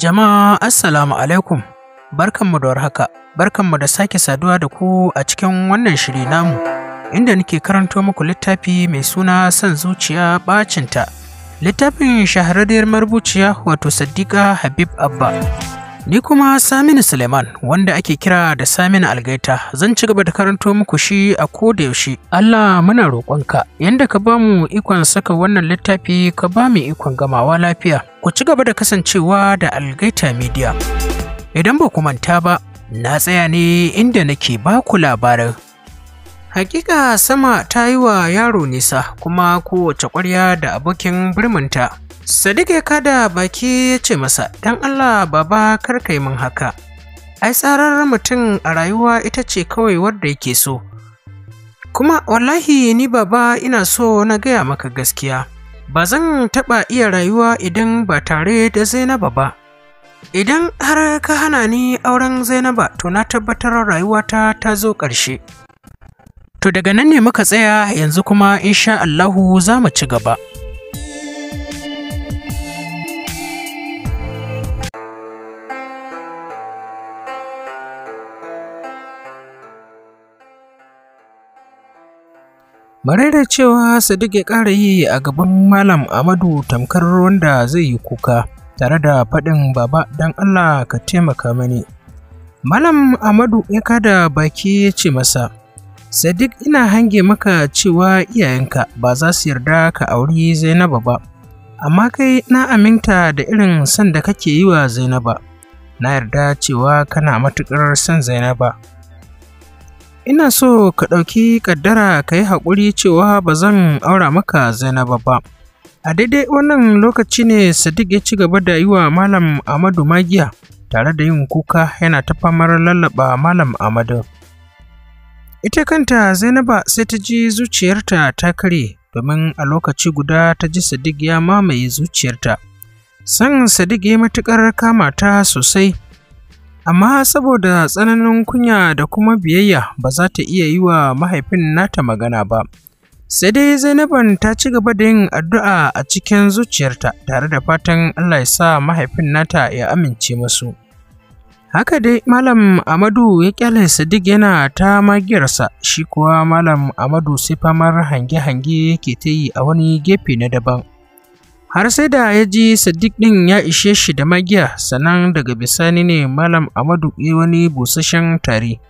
Jama'a Assalamu alaikum, barkanmu da warhaka, barkanmu da sake saduwa da ku a cikin wannan shiri namu, inda nake karanto muku littafi mai suna son zuciya bacinta. Littafin shahararriyar marubuciya wato Saddiqa Habib Abba. Ni kuma Saminu Suleiman wanda ake kira da Saminu Algaita zan ci gaba da karanto muku shi a koda yaushe. Allah muna roƙonka yanda ka ba mu ikon saka wannan littafi ka ba mu ikon gamawa lafiya. Ku ci gaba da kasancewa da Algaita Media. Idan ba ku manta ba, na tsaya ne inda nake ba ku labarin. Hakika sama ta yi wa yaro nisa kuma kowace ƙwarya da abokin birminta. Sadiq ya kada baki ya ce masa, "Dan Allah baba kar yi min haka, ai tsarar mutum a rayuwa ita ce kawai wadda yake so." Kuma wallahi ni baba ina so na gaya maka gaskiya, ba zan taɓa iya rayuwa idan ba tare da Zainaba ba. Idan har ka hana ni auren Zainaba to na tabbatar rayuwata ta zo ƙarshe. To daga nan ne muka tsaya yanzu kuma insha Allahu za mu ci gaba. Marairar cewa Sadiq ya ƙara yi a gaban Malam Amadu tamkar wanda zai yi kuka tare da faɗin baba Dan Allah ka taimaka mani. Malam Amadu ya kada baki ya ce masa, Sadiq ina hange maka cewa iyayenka ba za su yarda ka auri Zainaba ba, amma kai na aminta da irin son da kake yi wa Zainaba, na yarda cewa kana matuƙar son Zainaba. ina so ka ɗauki ƙaddara ka yi haƙuri cewa ba zan aura maka zainaba ba a daidai wannan lokaci ne sadiq ya ci gaba da yi wa malam amadu magiya tare da yin kuka yana ta famar lallaba malam amadu ita kanta zainaba sai ta ji zuciyarta ta kare domin a lokaci guda ta ji sadiq ya mamaye zuciyarta san sadiq ya matuƙar kama ta sosai amma saboda tsananin kunya da kuma biyayya ba za ta iya yi wa mahaifin nata magana ba. Sai dai Zainaban ta ci gaba da yin addu'a a cikin zuciyarta tare da fatan Allah ya sa mahaifin nata ya amince masu Haka dai Malam Amadu ya kyale Sadiq yana ta magiyarsa, shi kuwa Malam Amadu sai famar hange-hange yake ta yi a wani gefe na daban. har sai da ya ji sadiq ɗin ya ishe shi da magiya sannan daga bisani ne malam amadu ya wani busashen tari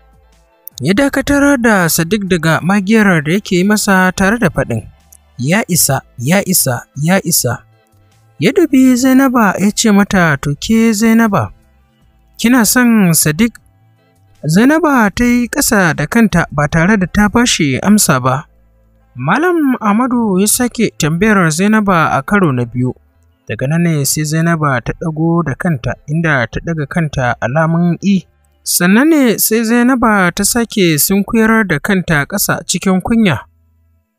ya dakatar da sadiq daga magiyar da yake masa tare da faɗin ya isa ya isa ya isa ya dubi zainaba ya ce mata to ke zainaba kina son sadiq zainaba ta yi ƙasa da kanta ba tare da ta bashi amsa ba Malam Amadu ya sake tambayar Zainaba a karo na biyu. Daga nan ne sai Zainaba ta ɗago da kanta inda ta ɗaga kanta alamun I. Sannan ne sai Zainaba ta sake sunkuyar da kanta ƙasa cikin kunya.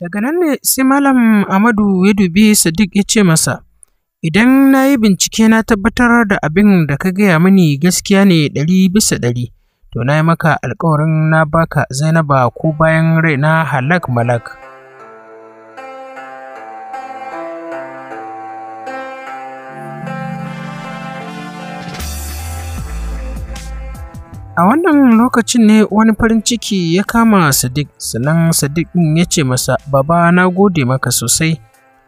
Daga nan ne sai Malam Amadu ya dubi Sadiq ya ce masa, Idan na yi bincike na tabbatar da abin da ka gaya mini gaskiya ne ɗari bisa ɗari, to na yi maka alkawarin na baka Zainaba ko bayan raina halak malak. A wannan lokacin ne wani farin ciki ya kama Sadiq, sannan Sadiq ɗin ya ce masa, Baba na gode maka sosai,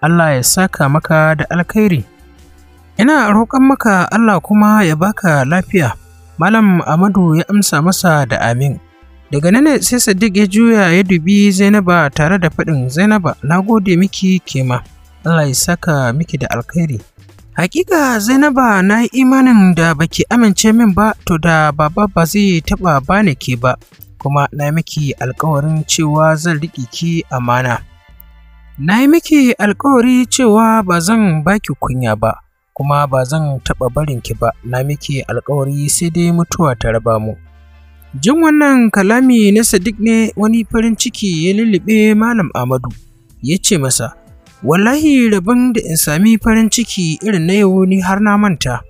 Allah ya saka maka da alkhairi. Ina roƙon maka Allah kuma ya baka lafiya. Malam Amadu ya amsa masa da amin. Daga nan sai Sadiq ya juya ya dubi Zainaba tare da faɗin Zainaba na gode miki kema. Allah ya saka miki da alkhairi. Hakika Zainaba na yi imanin da baki amince min ba to da baba ba zai taɓa bani ke ba, kuma na yi miki alkawarin cewa zan riƙe ki amana. Na yi miki alkawari cewa ba zan baki kunya ba, kuma ba zan taɓa barin ki ba, na miki alkawari sai dai mutuwa ta raba mu. Jin wannan kalami na Sadiq ne wani farin ciki ya lullube Malam ahmadu ya ce masa, Wallahi rabon da in sami farin ciki irin na yau ni har na manta.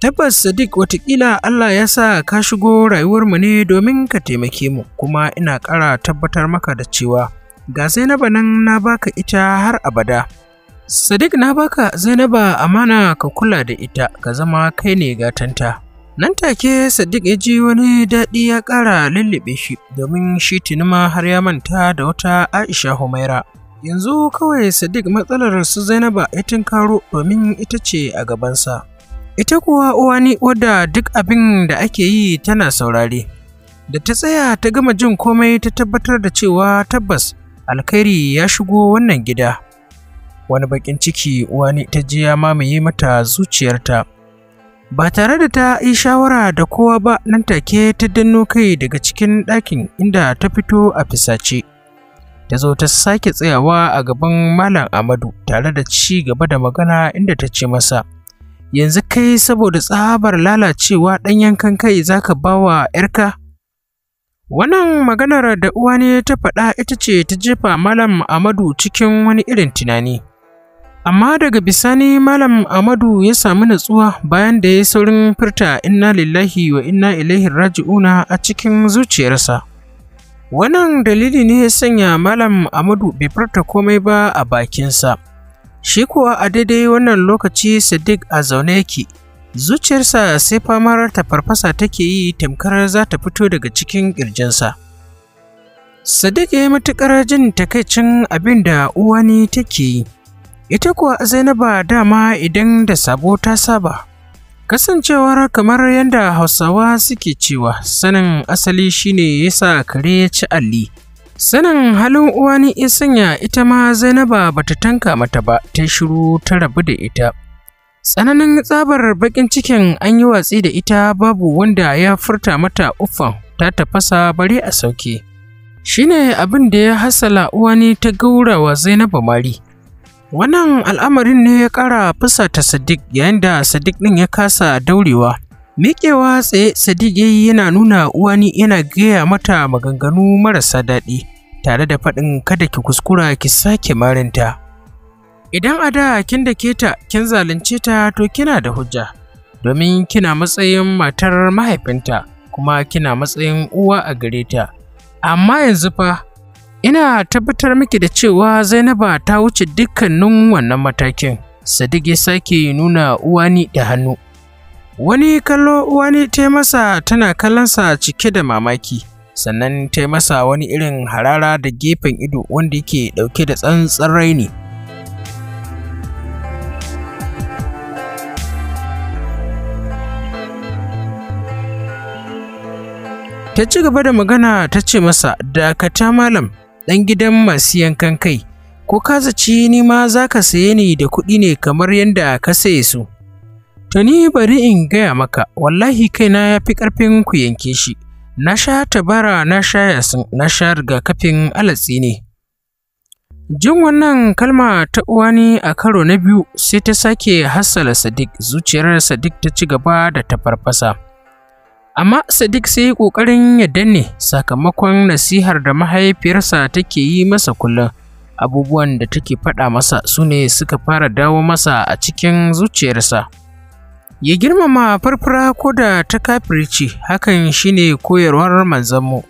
Tabbas Sadiq watakila Allah ya sa ka shigo rayuwarmu ne domin ka taimake mu kuma ina ƙara tabbatar maka da cewa ga Zainaba nan na baka ita har abada. Sadiq na baka Zainaba amana ka kula da ita ka zama kai ne gatanta. Nan take Sadiq ya ji wani daɗi ya ƙara lullube shi domin shi tinima har ya manta da wata Aisha Humaira. yanzu kawai sadiq matsalar su zainaba ya tunkaro domin ita ce a gabansa ita kuwa uwani wadda duk abin da ake yi tana saurare da ta tsaya ta gama jin komai ta tabbatar da cewa tabbas alkhairi ya shigo wannan gida wani bakin ciki uwani ta ji ya mamaye mata zuciyarta ba tare da ta yi shawara da kowa ba nan take ta danno kai daga cikin ɗakin inda ta fito a fisace. ta zo ta sake tsayawa a gaban Malam Amadu tare da ci gaba da magana inda ta ce masa, Yanzu kai saboda tsabar lalacewa ɗan yankan kai za ka ba wa ‘yarka? Wannan maganar da uwa ne ta faɗa ita ce ta jefa Malam Amadu cikin wani irin tunani. Amma daga bisani Malam Amadu ya sami natsuwa bayan da ya saurin furta inna lillahi wa inna ilaihi raji'una a cikin zuciyarsa. Wannan dalili ne ya sanya Malam Amadu bai furta komai ba a bakinsa. Shi kuwa a daidai wannan lokaci Sadiq a zaune yake, zuciyarsa sai famar ta farfasa take yi tamkar za ta fito daga cikin ƙirjinsa. Sadiq ya yi matuƙar jin takaicin abin da uwani take yi, ita kuwa Zainaba dama idan da sabo ta saba. Kasancewar kamar yadda Hausawa suke cewa sanin asali shine ya sa kare ya ci alli. Sanin halin uwa ne ya sanya ita ma Zainaba bata tanka mata ba ta shiru ta rabu da ita. Tsananin tsabar bakin cikin an yi watsi da ita babu wanda ya furta mata uffan ta tafasa bari a sauke. Shine abin da ya hasala uwa ne ta gaurawa Zainaba mari. Wannan al'amarin ne ya ƙara fusata Sadiq yayin da Sadiq ɗin ya kasa daurewa. Miƙewa tsaye Sadiq yayi yana nuna uwani yana gaya mata maganganu marasa daɗi tare da faɗin kada ki kuskura ki sake marinta. Idan a da kin da ta kin zalunce ta to kina da hujja domin kina matsayin matar mahaifinta kuma kina matsayin uwa a gare ta. Amma yanzu fa Ina tabbatar miki da cewa Zainaba ta wuce dukkanin wannan matakin. Sadiq ya sake nuna uwani da hannu. Wani kallo uwani ta masa tana kallonsa cike da mamaki, sannan ta masa wani irin harara da gefen ido wanda yake ɗauke da tsantsan raini. Ta ci gaba da magana ta ce masa, Dakata malam, ɗan gidan masu yankan kai ko ka zaci ni ma za ka saye ni da kuɗi ne kamar yadda ka saye su to ni bari in gaya maka wallahi kaina ya fi ƙarfin ku yanke shi na sha tabara na sha yasin na sha rigakafin alatsi ne jin wannan kalma ta uwani a karo na biyu sai ta sake hassala sadiq zuciyar sadiq ta ci gaba da tafarfasa amma sadiq sai ƙoƙarin ya danne sakamakon nasihar da mahaifiyarsa take yi masa kullum abubuwan da take faɗa masa su ne suka fara dawo masa a cikin zuciyarsa ya girmama farfara ko da ta kafirci hakan shine koyarwar manzanmu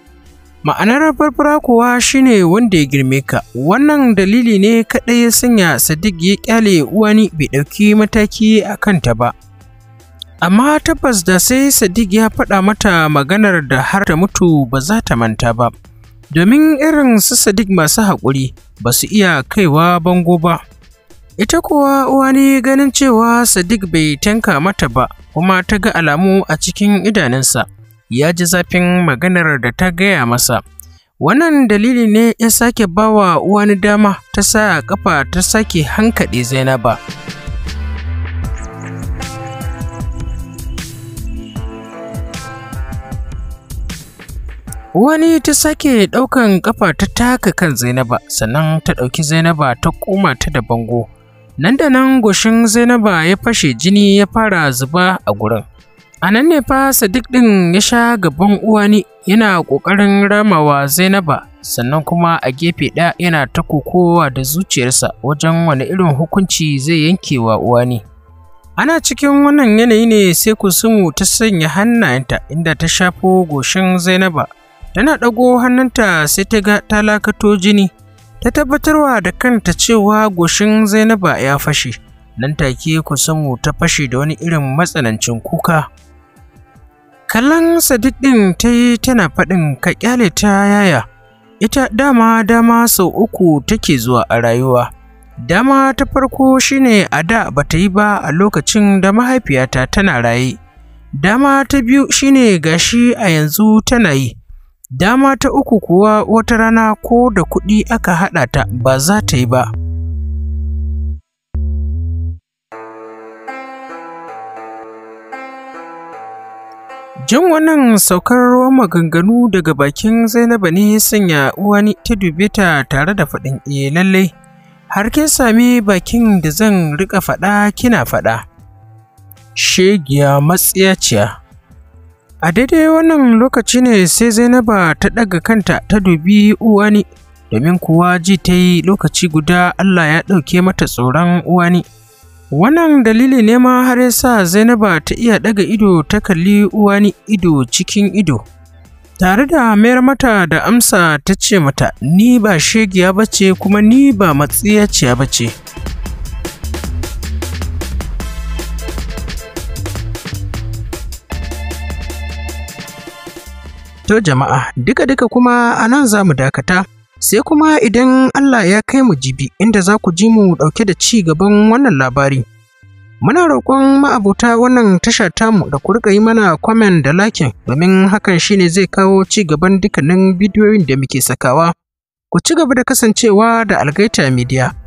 ma'anar farfara kuwa shine wanda ya girme ka wannan dalili ne kaɗai ya sanya sadiq ya ƙyale uwani bai ɗauki mataki a kanta ba Amma tabbas da sai Sadiq ya faɗa mata maganar da har ta mutu ba za ta manta ba. Domin irin su Sadiq masu haƙuri ba su iya kaiwa bango ba. Ita kuwa wani ganin cewa Sadiq bai tanka mata ba kuma ta ga alamu a cikin idanunsa. Ya ji zafin maganar da ta gaya masa. Wannan dalili ne ya sake bawa uwani dama ta sa kafa ta sake hankali Zainaba. Wani ta sake ɗaukan ƙafa ta taka kan Zainaba sannan ta ɗauki Zainaba ta koma ta da bango. Nan da nan goshin Zainaba ya fashe jini ya fara zuba a gurin. A nan ne fa Sadiq ɗin ya sha gaban uwani yana ƙoƙarin ramawa Zainaba sannan kuma a gefe ɗaya yana ta kokowa da zuciyarsa wajen wani irin hukunci zai yankewa uwani. Ana cikin wannan yanayi ne sai Kusumu ta sanya hannayenta inda ta shafo goshin Zainaba Tana ɗago hannunta sai ta ga ta lakato jini, ta tabbatarwa da kanta cewa goshin Zainaba ya fashe, nan take samu ta fashe da wani irin matsanancin kuka. Kallon Sadiq ɗin ta yi tana faɗin ka ƙyale ta yaya, ita dama dama sau uku take zuwa a rayuwa. Dama ta farko shine a da ba ta yi ba a lokacin da mahaifiyata tana raye. Dama ta biyu shine gashi a yanzu tana yi. Dama ta uku kuwa wata rana ko da kuɗi aka haɗa ta ba za ta yi ba. Jan wannan saukar ruwan maganganu daga bakin Zainabu ne ya sanya uwani ta dube ta tare da faɗin e lallai har kin sami bakin da zan riƙa faɗa kina faɗa. Shegiya matsiyaciya. A daidai wannan lokaci ne sai Zainaba ta ɗaga kanta ta dubi uwani, domin kuwa ji ta yi lokaci guda Allah ya ɗauke mata tsoron uwani. Wannan dalili ne ma har ya sa Zainaba ta iya ɗaga ido ta kalli uwani ido cikin ido. Tare da mayar mata da amsa ta ce mata, Ni ba shegiya bace kuma ni ba matsiyaciya bace. To jama'a, duka-duka kuma a nan za mu dakata, sai kuma idan Allah ya kai mu jibi inda za ku ji mu ɗauke da ci gaban wannan labari. Muna roƙon ma'abota wannan tasha mu da ku riƙa yi mana kwamen da lakin domin hakan shine zai kawo ci gaban dukkanin bidiyoyin da muke sakawa. Ku ci gaba da kasancewa da Algaita Media.